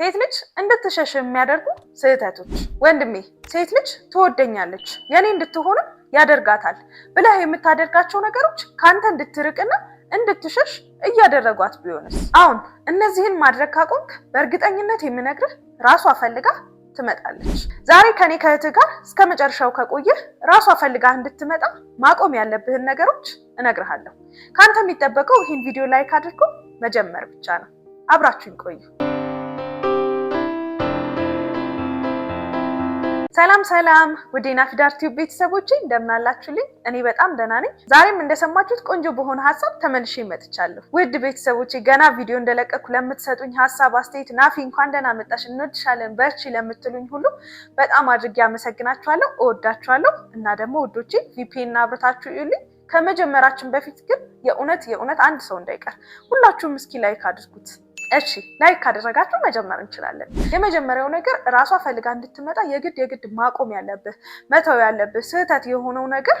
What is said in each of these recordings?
ሴት ልጅ እንድትሸሽ የሚያደርጉ ስህተቶች። ወንድሜ ሴት ልጅ ትወደኛለች፣ የኔ እንድትሆንም ያደርጋታል ብለህ የምታደርጋቸው ነገሮች ከአንተ እንድትርቅና እንድትሸሽ እያደረጓት ቢሆንስ? አሁን እነዚህን ማድረግ ካቆምክ በእርግጠኝነት የምነግርህ ራሷ ፈልጋ ትመጣለች። ዛሬ ከኔ ከእህትህ ጋር እስከ መጨረሻው ከቆየህ ራሷ ፈልጋ እንድትመጣ ማቆም ያለብህን ነገሮች እነግርሃለሁ። ከአንተ የሚጠበቀው ይህን ቪዲዮ ላይክ አድርጎ መጀመር ብቻ ነው። አብራችሁኝ ቆዩ። ሰላም ሰላም ውዴ ናፊዳር ቲዩብ ቤተሰቦቼ እንደምናላችሁልኝ፣ እኔ በጣም ደህና ነኝ። ዛሬም እንደሰማችሁት ቆንጆ በሆነ ሀሳብ ተመልሼ መጥቻለሁ። ውድ ቤተሰቦች፣ ገና ቪዲዮ እንደለቀኩ ለምትሰጡኝ ሀሳብ አስተያየት፣ ናፊ እንኳን ደህና መጣሽ፣ እንወድሻለን፣ በርቺ ለምትሉኝ ሁሉ በጣም አድርጌ አመሰግናችኋለሁ፣ እወዳችኋለሁ። እና ደግሞ ውዶቼ ቪፒኤን አብርታችሁ ይዩልኝ። ከመጀመራችን በፊት ግን የእውነት የእውነት አንድ ሰው እንዳይቀር ሁላችሁም እስኪ ላይክ አድርጉት። እሺ ላይክ ካደረጋችሁ መጀመር እንችላለን። የመጀመሪያው ነገር ራሷ ፈልጋ እንድትመጣ የግድ የግድ ማቆም ያለብህ መተው ያለብህ ስህተት የሆነው ነገር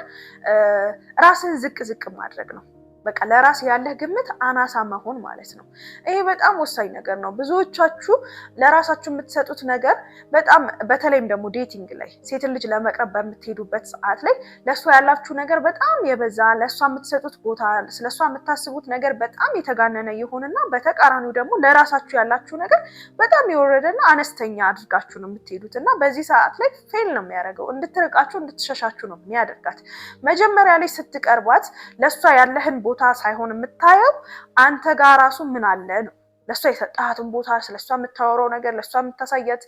ራስህን ዝቅ ዝቅ ማድረግ ነው። በቃ ለራስ ያለህ ግምት አናሳ መሆን ማለት ነው። ይሄ በጣም ወሳኝ ነገር ነው። ብዙዎቻችሁ ለራሳችሁ የምትሰጡት ነገር በጣም በተለይም ደግሞ ዴቲንግ ላይ ሴትን ልጅ ለመቅረብ በምትሄዱበት ሰዓት ላይ ለእሷ ያላችሁ ነገር በጣም የበዛ፣ ለእሷ የምትሰጡት ቦታ፣ ስለእሷ የምታስቡት ነገር በጣም የተጋነነ ይሆንና በተቃራኒው ደግሞ ለራሳችሁ ያላችሁ ነገር በጣም የወረደና አነስተኛ አድርጋችሁ ነው የምትሄዱት እና በዚህ ሰዓት ላይ ፌል ነው የሚያደርገው። እንድትርቃችሁ እንድትሸሻችሁ ነው የሚያደርጋት። መጀመሪያ ላይ ስትቀርቧት ለእሷ ያለህን ቦታ ሳይሆን የምታየው አንተ ጋር ራሱ ምን አለ ነው። ለእሷ የሰጣትን ቦታ፣ ስለሷ የምታወራው ነገር፣ ለእሷ የምታሳያት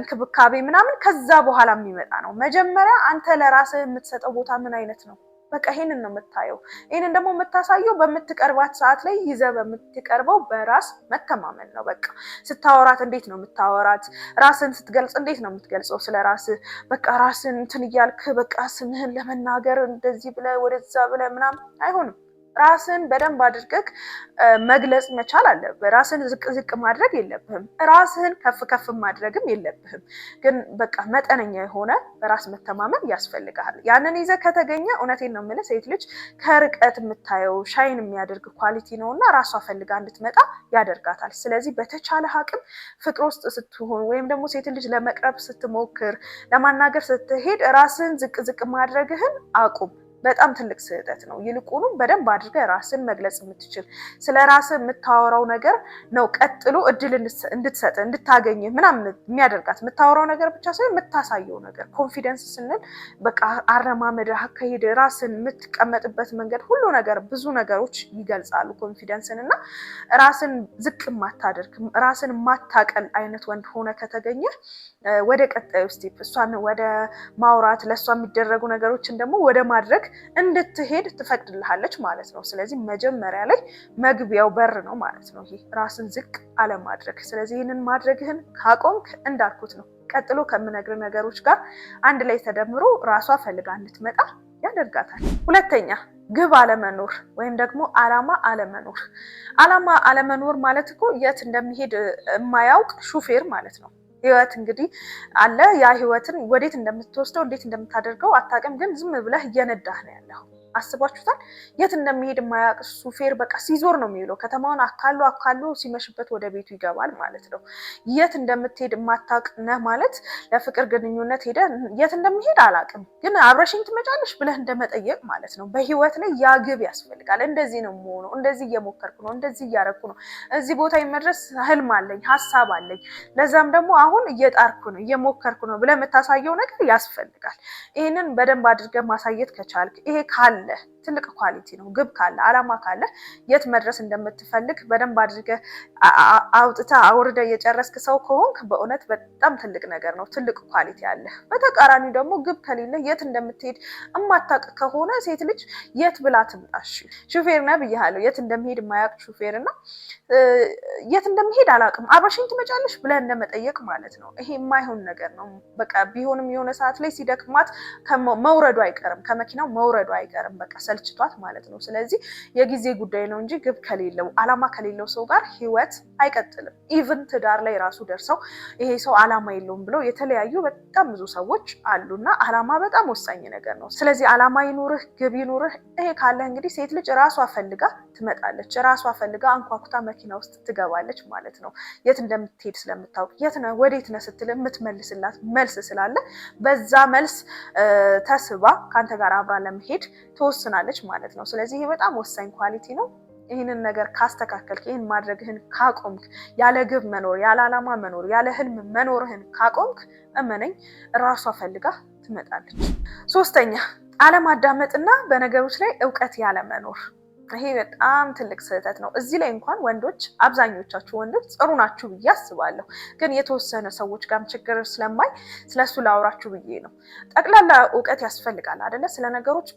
እንክብካቤ ምናምን ከዛ በኋላ የሚመጣ ነው። መጀመሪያ አንተ ለራስህ የምትሰጠው ቦታ ምን አይነት ነው? በቃ ይሄንን ነው የምታየው። ይሄንን ደግሞ የምታሳየው በምትቀርባት ሰዓት ላይ ይዘ በምትቀርበው በራስ መተማመን ነው። በቃ ስታወራት እንዴት ነው የምታወራት? ራስን ስትገልጽ እንዴት ነው የምትገልጸው? ስለ ራስ በቃ ራስን እንትን እያልክ በቃ ስምህን ለመናገር እንደዚህ ብለ ወደዛ ብለ ምናምን አይሆንም። ራስን በደንብ አድርገህ መግለጽ መቻል አለብህ። ራስን ዝቅ ዝቅ ማድረግ የለብህም። ራስህን ከፍ ከፍ ማድረግም የለብህም። ግን በቃ መጠነኛ የሆነ በራስ መተማመን ያስፈልግሃል። ያንን ይዘህ ከተገኘ እውነቴን ነው የምልህ ሴት ልጅ ከርቀት የምታየው ሻይን የሚያደርግ ኳሊቲ ነው እና ራሷ ፈልጋ እንድትመጣ ያደርጋታል። ስለዚህ በተቻለ አቅም ፍቅር ውስጥ ስትሆን ወይም ደግሞ ሴት ልጅ ለመቅረብ ስትሞክር፣ ለማናገር ስትሄድ ራስህን ዝቅ ዝቅ ማድረግህን አቁም። በጣም ትልቅ ስህተት ነው። ይልቁንም በደንብ አድርገ ራስን መግለጽ የምትችል ስለ ራስ የምታወራው ነገር ነው ቀጥሎ እድል እንድትሰጥ እንድታገኝ ምናምን የሚያደርጋት የምታወራው ነገር ብቻ ሳይሆን የምታሳየው ነገር። ኮንፊደንስ ስንል በቃ አረማመድ አካሄድ፣ ራስን የምትቀመጥበት መንገድ ሁሉ ነገር ብዙ ነገሮች ይገልጻሉ ኮንፊደንስን እና ራስን ዝቅ የማታደርግ ራስን የማታቀል አይነት ወንድ ሆነ ከተገኘ ወደ ቀጣዩ ስቴፕ እሷን ወደ ማውራት ለእሷ የሚደረጉ ነገሮችን ደግሞ ወደ ማድረግ እንድትሄድ ትፈቅድልሃለች ማለት ነው። ስለዚህ መጀመሪያ ላይ መግቢያው በር ነው ማለት ነው ይህ ራስን ዝቅ አለማድረግ። ስለዚህ ይህንን ማድረግህን ካቆምክ እንዳልኩት ነው ቀጥሎ ከምነግር ነገሮች ጋር አንድ ላይ ተደምሮ ራሷ ፈልጋ እንድትመጣ ያደርጋታል። ሁለተኛ ግብ አለመኖር ወይም ደግሞ አላማ አለመኖር። አላማ አለመኖር ማለት እኮ የት እንደሚሄድ የማያውቅ ሹፌር ማለት ነው። ህይወት እንግዲህ አለ ያ ህይወትን ወዴት እንደምትወስደው እንዴት እንደምታደርገው አታውቅም። ግን ዝም ብለህ እየነዳህ ነው ያለው። አስባችሁታል? የት እንደሚሄድ የማያውቅ እሱ ፌር በቃ ሲዞር ነው የሚውለው። ከተማውን አካሉ አካሉ ሲመሽበት ወደ ቤቱ ይገባል ማለት ነው። የት እንደምትሄድ የማታውቅ ነህ ማለት ለፍቅር ግንኙነት ሄደ የት እንደሚሄድ አላውቅም፣ ግን አብረሽኝ ትመጫለሽ ብለህ እንደመጠየቅ ማለት ነው። በህይወት ላይ ያ ግብ ያስፈልጋል። እንደዚህ ነው የምሆነው፣ እንደዚህ እየሞከርኩ ነው፣ እንደዚህ እያረኩ ነው፣ እዚህ ቦታ የመድረስ ህልም አለኝ፣ ሀሳብ አለኝ። ለዛም ደግሞ አሁን እየጣርኩ ነው እየሞከርኩ ነው ብለህ የምታሳየው ነገር ያስፈልጋል። ይህንን በደንብ አድርገህ ማሳየት ከቻልክ ይሄ ካለ ትልቅ ኳሊቲ ነው። ግብ ካለ አላማ ካለ የት መድረስ እንደምትፈልግ በደንብ አድርገ አውጥታ አውርደ የጨረስክ ሰው ከሆንክ በእውነት በጣም ትልቅ ነገር ነው። ትልቅ ኳሊቲ አለ። በተቃራኒ ደግሞ ግብ ከሌለ የት እንደምትሄድ እማታቅ ከሆነ ሴት ልጅ የት ብላ ትምጣሽ? ሹፌር ነ ብያለሁ። የት እንደሚሄድ የማያውቅ ሹፌር እና የት እንደሚሄድ አላውቅም አብረሽኝ ትመጫለሽ ብለን እንደመጠየቅ ማለት ነው። ይሄ የማይሆን ነገር ነው። በቃ ቢሆንም የሆነ ሰዓት ላይ ሲደክማት መውረዱ አይቀርም ከመኪናው መውረዱ አይቀርም። በቃ ሰልችቷት ማለት ነው። ስለዚህ የጊዜ ጉዳይ ነው እንጂ ግብ ከሌለው አላማ ከሌለው ሰው ጋር ህይወት አይቀጥልም። ኢቭን ትዳር ላይ ራሱ ደርሰው ይሄ ሰው አላማ የለውም ብለው የተለያዩ በጣም ብዙ ሰዎች አሉና አላማ በጣም ወሳኝ ነገር ነው። ስለዚህ አላማ ይኑርህ፣ ግብ ይኑርህ። ይሄ ካለህ እንግዲህ ሴት ልጅ ራሷ ፈልጋ ትመጣለች፣ ራሷ ፈልጋ አንኳኩታ መኪና ውስጥ ትገባለች ማለት ነው። የት እንደምትሄድ ስለምታውቅ የት ነህ ወዴት ነህ ስትል የምትመልስላት መልስ ስላለ በዛ መልስ ተስባ ከአንተ ጋር አብራ ለመሄድ ትወስናለች። ትችላለች ማለት ነው። ስለዚህ ይህ በጣም ወሳኝ ኳሊቲ ነው። ይህንን ነገር ካስተካከልክ፣ ይህን ማድረግህን ካቆምክ፣ ያለ ግብ መኖር፣ ያለ ዓላማ መኖር፣ ያለ ህልም መኖርህን ካቆምክ፣ እመነኝ እራሷ ፈልጋ ትመጣለች። ሶስተኛ አለማዳመጥና በነገሮች ላይ እውቀት ያለመኖር ይሄ በጣም ትልቅ ስህተት ነው። እዚህ ላይ እንኳን ወንዶች አብዛኞቻችሁ ወንዶች ጥሩ ናችሁ ብዬ አስባለሁ፣ ግን የተወሰነ ሰዎች ጋርም ችግር ስለማይ ስለሱ ላውራችሁ ብዬ ነው። ጠቅላላ እውቀት ያስፈልጋል አደለ? ስለ ነገሮች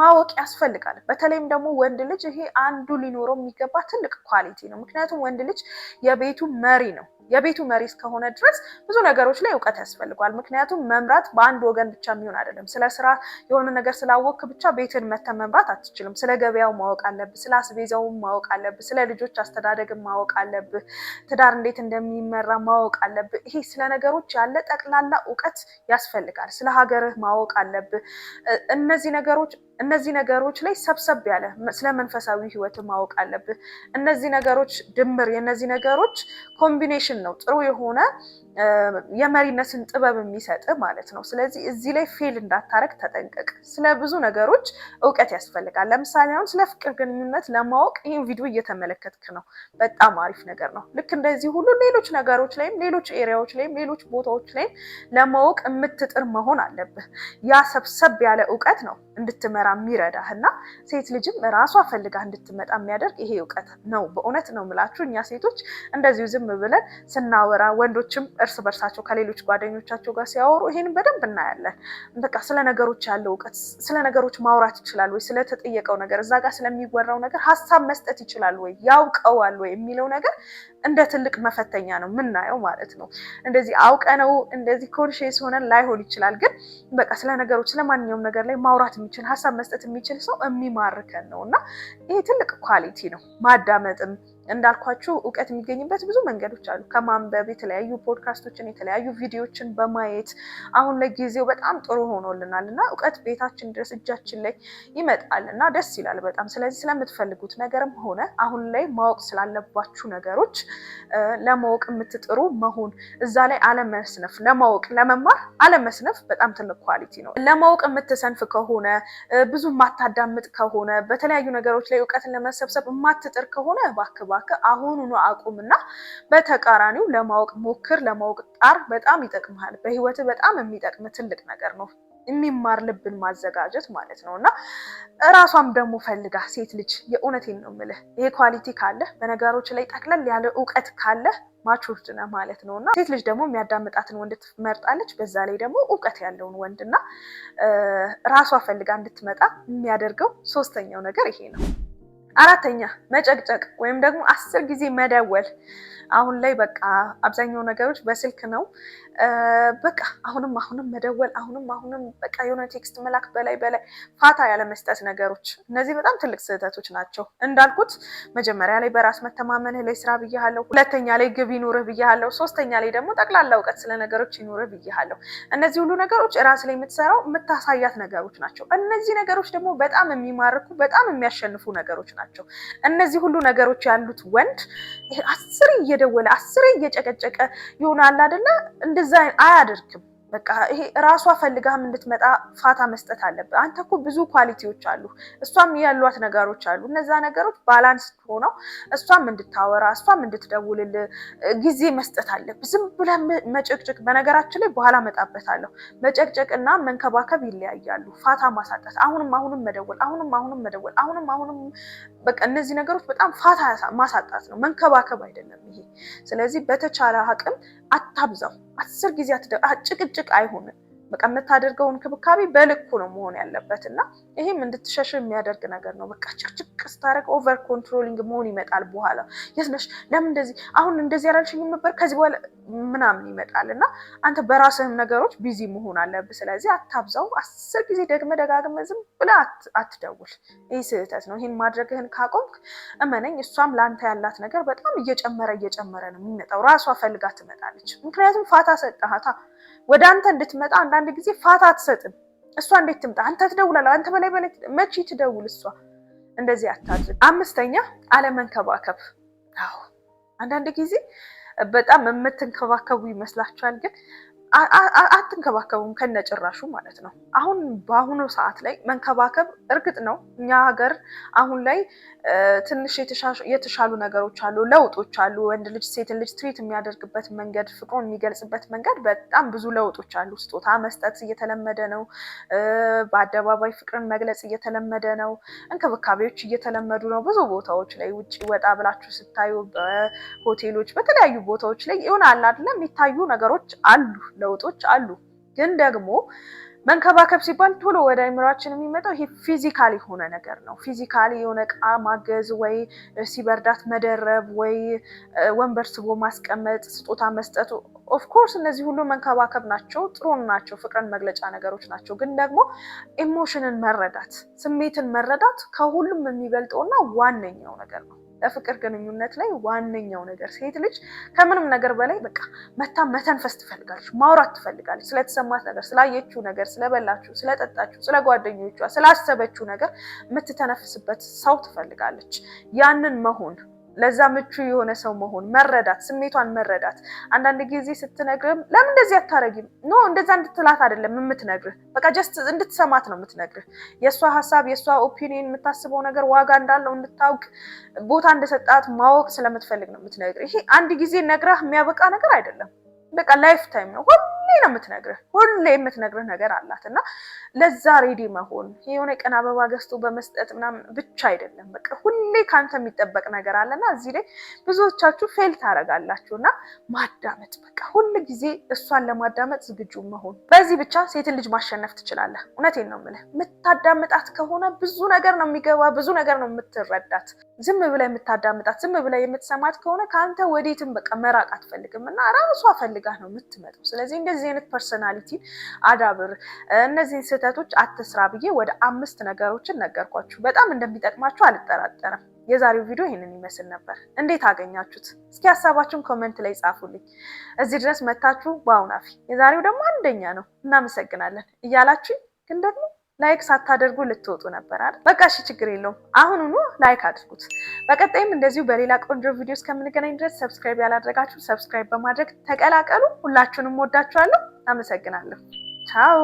ማወቅ ያስፈልጋል። በተለይም ደግሞ ወንድ ልጅ ይሄ አንዱ ሊኖረው የሚገባ ትልቅ ኳሊቲ ነው። ምክንያቱም ወንድ ልጅ የቤቱ መሪ ነው። የቤቱ መሪ እስከሆነ ድረስ ብዙ ነገሮች ላይ እውቀት ያስፈልገዋል። ምክንያቱም መምራት በአንድ ወገን ብቻ የሚሆን አይደለም። ስለ ስራ የሆነ ነገር ስላወቅክ ብቻ ቤትን መተን መምራት አትችልም። ስለ ገበያው ማወቅ አለብህ፣ ስለ አስቤዛውም ማወቅ አለብህ፣ ስለ ልጆች አስተዳደግን ማወቅ አለብህ፣ ትዳር እንዴት እንደሚመራ ማወቅ አለብህ። ይሄ ስለ ነገሮች ያለ ጠቅላላ እውቀት ያስፈልጋል። ስለ ሀገርህ ማወቅ አለብህ። እነዚህ ነገሮች እነዚህ ነገሮች ላይ ሰብሰብ ያለ ስለ መንፈሳዊ ህይወት ማወቅ አለብህ። እነዚህ ነገሮች ድምር የእነዚህ ነገሮች ኮምቢኔሽን ነው ጥሩ የሆነ የመሪነትን ጥበብ የሚሰጥ ማለት ነው። ስለዚህ እዚህ ላይ ፌል እንዳታረግ ተጠንቀቅ። ስለ ብዙ ነገሮች እውቀት ያስፈልጋል። ለምሳሌ አሁን ስለ ፍቅር ግንኙነት ለማወቅ ይህን ቪዲዮ እየተመለከትክ ነው፣ በጣም አሪፍ ነገር ነው። ልክ እንደዚህ ሁሉ ሌሎች ነገሮች ላይም ሌሎች ኤሪያዎች ላይም ሌሎች ቦታዎች ላይም ለማወቅ የምትጥር መሆን አለብህ። ያ ሰብሰብ ያለ እውቀት ነው እንድትመራ የሚረዳህ እና ሴት ልጅም ራሷ ፈልጋ እንድትመጣ የሚያደርግ ይሄ እውቀት ነው። በእውነት ነው የምላችሁ እኛ ሴቶች እንደዚሁ ዝም ብለን ስናወራ ወንዶችም እርስ በርሳቸው ከሌሎች ጓደኞቻቸው ጋር ሲያወሩ ይህን በደንብ እናያለን። በቃ ስለ ነገሮች ያለው እውቀት፣ ስለ ነገሮች ማውራት ይችላል ወይ፣ ስለተጠየቀው ነገር፣ እዛ ጋር ስለሚወራው ነገር ሀሳብ መስጠት ይችላል ወይ፣ ያውቀዋል ወይ የሚለው ነገር እንደ ትልቅ መፈተኛ ነው የምናየው ማለት ነው። እንደዚህ አውቀነው እንደዚህ ኮንሽስ ሆነን ላይሆን ይችላል፣ ግን በቃ ስለ ነገሮች ስለማንኛውም ነገር ላይ ማውራት የሚችል ሀሳብ መስጠት የሚችል ሰው የሚማርከን ነው እና ይሄ ትልቅ ኳሊቲ ነው። ማዳመጥም እንዳልኳችሁ እውቀት የሚገኝበት ብዙ መንገዶች አሉ። ከማንበብ የተለያዩ ፖድካስቶችን፣ የተለያዩ ቪዲዮችን በማየት አሁን ላይ ጊዜው በጣም ጥሩ ሆኖልናል እና እውቀት ቤታችን ድረስ እጃችን ላይ ይመጣል እና ደስ ይላል በጣም። ስለዚህ ስለምትፈልጉት ነገርም ሆነ አሁን ላይ ማወቅ ስላለባችሁ ነገሮች ለማወቅ የምትጥሩ መሆን እዛ ላይ አለመስነፍ፣ ለማወቅ ለመማር አለመስነፍ በጣም ትልቅ ኳሊቲ ነው። ለማወቅ የምትሰንፍ ከሆነ ብዙ የማታዳምጥ ከሆነ በተለያዩ ነገሮች ላይ እውቀትን ለመሰብሰብ የማትጥር ከሆነ እባክህ እባክህ አሁኑኑ አቁምና በተቃራኒው ለማወቅ ሞክር፣ ለማወቅ ጣር። በጣም ይጠቅምሃል። በህይወት በጣም የሚጠቅም ትልቅ ነገር ነው። የሚማር ልብን ማዘጋጀት ማለት ነው እና እራሷም ደግሞ ፈልጋ ሴት ልጅ የእውነቴን ነው የምልህ ይሄ ኳሊቲ ካለ በነገሮች ላይ ጠቅለል ያለ እውቀት ካለ ማቹርድ ነህ ማለት ነው እና ሴት ልጅ ደግሞ የሚያዳምጣትን ወንድ ትመርጣለች። በዛ ላይ ደግሞ እውቀት ያለውን ወንድ ና ራሷ ፈልጋ እንድትመጣ የሚያደርገው ሶስተኛው ነገር ይሄ ነው። አራተኛ መጨቅጨቅ ወይም ደግሞ አስር ጊዜ መደወል አሁን ላይ በቃ አብዛኛው ነገሮች በስልክ ነው። በቃ አሁንም አሁንም መደወል አሁንም አሁንም በቃ የሆነ ቴክስት መላክ በላይ በላይ ፋታ ያለመስጠት ነገሮች፣ እነዚህ በጣም ትልቅ ስህተቶች ናቸው። እንዳልኩት መጀመሪያ ላይ በራስ መተማመንህ ላይ ስራ ብያሃለሁ፣ ሁለተኛ ላይ ግብ ይኑርህ ብያሃለሁ፣ ሶስተኛ ላይ ደግሞ ጠቅላላ እውቀት ስለ ነገሮች ይኑርህ ብያሃለሁ። እነዚህ ሁሉ ነገሮች ራስ ላይ የምትሰራው የምታሳያት ነገሮች ናቸው። እነዚህ ነገሮች ደግሞ በጣም የሚማርኩ በጣም የሚያሸንፉ ነገሮች ናቸው። እነዚህ ሁሉ ነገሮች ያሉት ወንድ አስር እየደወለ አስሬ እየጨቀጨቀ ይሆናል አይደለ? እንደዛ አያደርግም። በቃ ይሄ ራሷ ፈልጋም እንድትመጣ ፋታ መስጠት አለብህ። አንተ እኮ ብዙ ኳሊቲዎች አሉ፣ እሷም ያሏት ነገሮች አሉ። እነዛ ነገሮች ባላንስ ሆነው እሷም እንድታወራ እሷም እንድትደውልል ጊዜ መስጠት አለብህ። ዝም ብለህ መጨቅጨቅ፣ በነገራችን ላይ በኋላ መጣበታለሁ። መጨቅጨቅ እና መንከባከብ ይለያያሉ። ፋታ ማሳጣት፣ አሁንም አሁንም መደወል፣ አሁንም አሁንም መደወል፣ አሁንም አሁንም በቃ እነዚህ ነገሮች በጣም ፋታ ማሳጣት ነው፣ መንከባከብ አይደለም ይሄ። ስለዚህ በተቻለ አቅም አታብዛው። አስር ጊዜ ጭቅጭቅ አይሆንም። በቃ የምታደርገው እንክብካቤ በልኩ ነው መሆን ያለበት እና ይህም እንድትሸሽ የሚያደርግ ነገር ነው። በቃ ጭቅጭቅ ስታደርግ ኦቨር ኮንትሮሊንግ መሆን ይመጣል። በኋላ የት ነሽ? ለምን እንደዚህ አሁን እንደዚህ ያላልሽኝም ነበር ከዚህ በኋላ ምናምን ይመጣል እና አንተ በራስህም ነገሮች ቢዚ መሆን አለብህ። ስለዚህ አታብዛው። አስር ጊዜ ደግመህ ደጋግመህ ዝም ብለህ አትደውል። ይህ ስህተት ነው። ይህን ማድረግህን ካቆምክ እመነኝ፣ እሷም ለአንተ ያላት ነገር በጣም እየጨመረ እየጨመረ ነው የሚመጣው። ራሷ ፈልጋ ትመጣለች። ምክንያቱም ፋታ ሰጠሃታ ወደ አንተ እንድትመጣ አንዳንድ ጊዜ ፋታ አትሰጥም። እሷ እንዴት ትምጣ? አንተ ትደውላለህ፣ አንተ በላይ በላይ መቼ ትደውል እሷ። እንደዚህ አታድርግ። አምስተኛ አለመንከባከብ። አዎ አንዳንድ ጊዜ በጣም የምትንከባከቡ ይመስላችኋል፣ ግን አትንከባከቡም ከነጭራሹ ማለት ነው። አሁን በአሁኑ ሰዓት ላይ መንከባከብ እርግጥ ነው እኛ ሀገር አሁን ላይ ትንሽ የተሻሉ ነገሮች አሉ፣ ለውጦች አሉ። ወንድ ልጅ ሴትን ልጅ ትሪት የሚያደርግበት መንገድ፣ ፍቅሩን የሚገልጽበት መንገድ በጣም ብዙ ለውጦች አሉ። ስጦታ መስጠት እየተለመደ ነው። በአደባባይ ፍቅርን መግለጽ እየተለመደ ነው። እንክብካቤዎች እየተለመዱ ነው። ብዙ ቦታዎች ላይ ውጭ ወጣ ብላችሁ ስታዩ፣ በሆቴሎች በተለያዩ ቦታዎች ላይ ይሆናል አይደለም የሚታዩ ነገሮች አሉ ለውጦች አሉ። ግን ደግሞ መንከባከብ ሲባል ቶሎ ወደ አይምሯችን የሚመጣው ይሄ ፊዚካል የሆነ ነገር ነው። ፊዚካል የሆነ እቃ ማገዝ ወይ ሲበርዳት መደረብ ወይ ወንበር ስቦ ማስቀመጥ፣ ስጦታ መስጠት ኦፍኮርስ እነዚህ ሁሉ መንከባከብ ናቸው፣ ጥሩን ናቸው፣ ፍቅርን መግለጫ ነገሮች ናቸው። ግን ደግሞ ኢሞሽንን መረዳት ስሜትን መረዳት ከሁሉም የሚበልጠውና ዋነኛው ነገር ነው። በፍቅር ግንኙነት ላይ ዋነኛው ነገር ሴት ልጅ ከምንም ነገር በላይ በቃ መታ መተንፈስ ትፈልጋለች፣ ማውራት ትፈልጋለች። ስለተሰማት ነገር፣ ስላየችው ነገር፣ ስለበላችው ስለጠጣችሁ፣ ስለጓደኞቿ ስላሰበችው ነገር የምትተነፍስበት ሰው ትፈልጋለች። ያንን መሆን ለዛ ምቹ የሆነ ሰው መሆን መረዳት፣ ስሜቷን መረዳት። አንዳንድ ጊዜ ስትነግርም ለምን እንደዚህ አታረጊም ኖ እንደዛ እንድትላት አይደለም የምትነግርህ፣ በቃ ጀስት እንድትሰማት ነው የምትነግርህ። የእሷ ሀሳብ የእሷ ኦፒኒየን የምታስበው ነገር ዋጋ እንዳለው እንድታውቅ ቦታ እንደሰጣት ማወቅ ስለምትፈልግ ነው የምትነግርህ። ይሄ አንድ ጊዜ ነግራህ የሚያበቃ ነገር አይደለም። በቃ ላይፍ ታይም ነው። ነው የምትነግርህ፣ ሁሌ የምትነግርህ ነገር አላት እና ለዛ ሬዲ መሆን የሆነ ቀን አበባ ገዝቶ በመስጠት ምናምን ብቻ አይደለም። በቃ ሁሌ ከአንተ የሚጠበቅ ነገር አለና እዚህ ላይ ብዙዎቻችሁ ፌል ታደርጋላችሁ። እና ማዳመጥ በቃ ሁል ጊዜ እሷን ለማዳመጥ ዝግጁ መሆን። በዚህ ብቻ ሴትን ልጅ ማሸነፍ ትችላለህ። እውነቴን ነው የምልህ። የምታዳምጣት ከሆነ ብዙ ነገር ነው የሚገባ፣ ብዙ ነገር ነው የምትረዳት። ዝም ብላ የምታዳምጣት ዝም ብላ የምትሰማት ከሆነ ከአንተ ወዴትም በቃ መራቅ አትፈልግም እና ራሷ ፈልጋ ነው የምትመጣው። ስለዚህ እንደዚህ እንደዚህ አይነት ፐርሰናሊቲን አዳብር፣ እነዚህን ስህተቶች አትስራ ብዬ ወደ አምስት ነገሮችን ነገርኳችሁ። በጣም እንደሚጠቅማችሁ አልጠራጠርም። የዛሬው ቪዲዮ ይህንን ይመስል ነበር። እንዴት አገኛችሁት? እስኪ ሀሳባችሁን ኮመንት ላይ ጻፉልኝ። እዚህ ድረስ መታችሁ በአሁናፊ የዛሬው ደግሞ አንደኛ ነው እናመሰግናለን እያላችሁ ግን ደግሞ ላይክ ሳታደርጉ ልትወጡ ነበር አይደል? በቃ እሺ፣ ችግር የለውም። አሁኑኑ ላይክ አድርጉት። በቀጣይም እንደዚሁ በሌላ ቆንጆ ቪዲዮ እስከምንገናኝ ድረስ ሰብስክራይብ ያላደረጋችሁ ሰብስክራይብ በማድረግ ተቀላቀሉ። ሁላችሁንም ወዳችኋለሁ። አመሰግናለሁ። ቻው